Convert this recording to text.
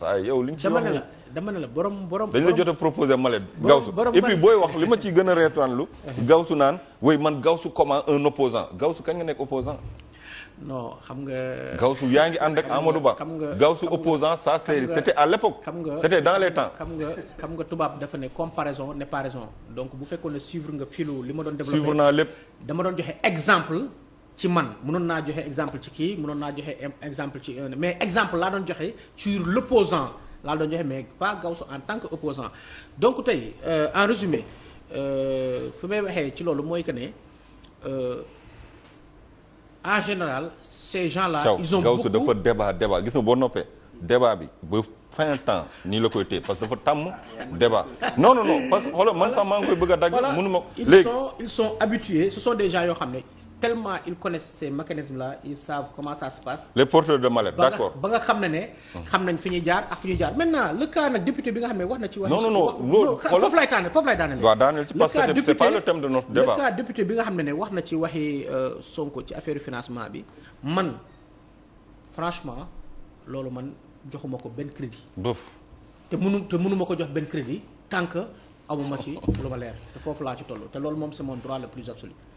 saa yow li ñu ci dama ne la dama ne la borom borom dañ la jot a proposé malade gawsu et puis booy wax li ma ciy gën a reetaan lu su naan way man gawsu comment un opposant su kañ nga nekk opposant no xam nga. gawsu yaa ngi ànd ak Amadou Ba xam nga gawsu opposant ça c'est c'était à l'époque c'était dans le temps xam nga xam nga tubaab dafa ne comparaison n'est pas donc bu fekkoon ne suivre nga filu li ma doon développé suivre naa lépp dama doon joxe exemple ci man mënoon naa joxe exemple ci kii mënoon naa joxe exemple ci mais exemple laa doon joxe sur l'opposant laa doon joxe mais pas Gaoussou en tant que opposant donc tey euh, en résumé euh, fi may waxee ci loolu mooy que ne euh, en général ces gens la Ciao. ils ont dafa débat débat gis nga boo noppee débat bi ba fin temps nii la koy téye parce que dafa tàmm débat non non non parce que xoolal man sax maa ngi koy bëgg a dagg mënu ma léegi ils sont ils sont habitués ce sont des yoo xam ne tellement ils connaissent ces mécanismes là ils savent comment ça se passe les porteurs de mallette d'accord ba nga xam ne ne xam nañ fi ñuy jaar ak fi ñuy jaar maintenant le cas nag nga xam ne wax na ci wax non non non loolu foofu lay député bi nga xam ne ne wax na ci waxi euh, Sonko ci affaire financement bi man franchement loolu man joxuma ko benn crédit. bof te munu te mënuma ko jox benn crédit tant que amuma ci lu ma leer te foofu laa ci toll te loolu moom c'est mon droit le plus absolu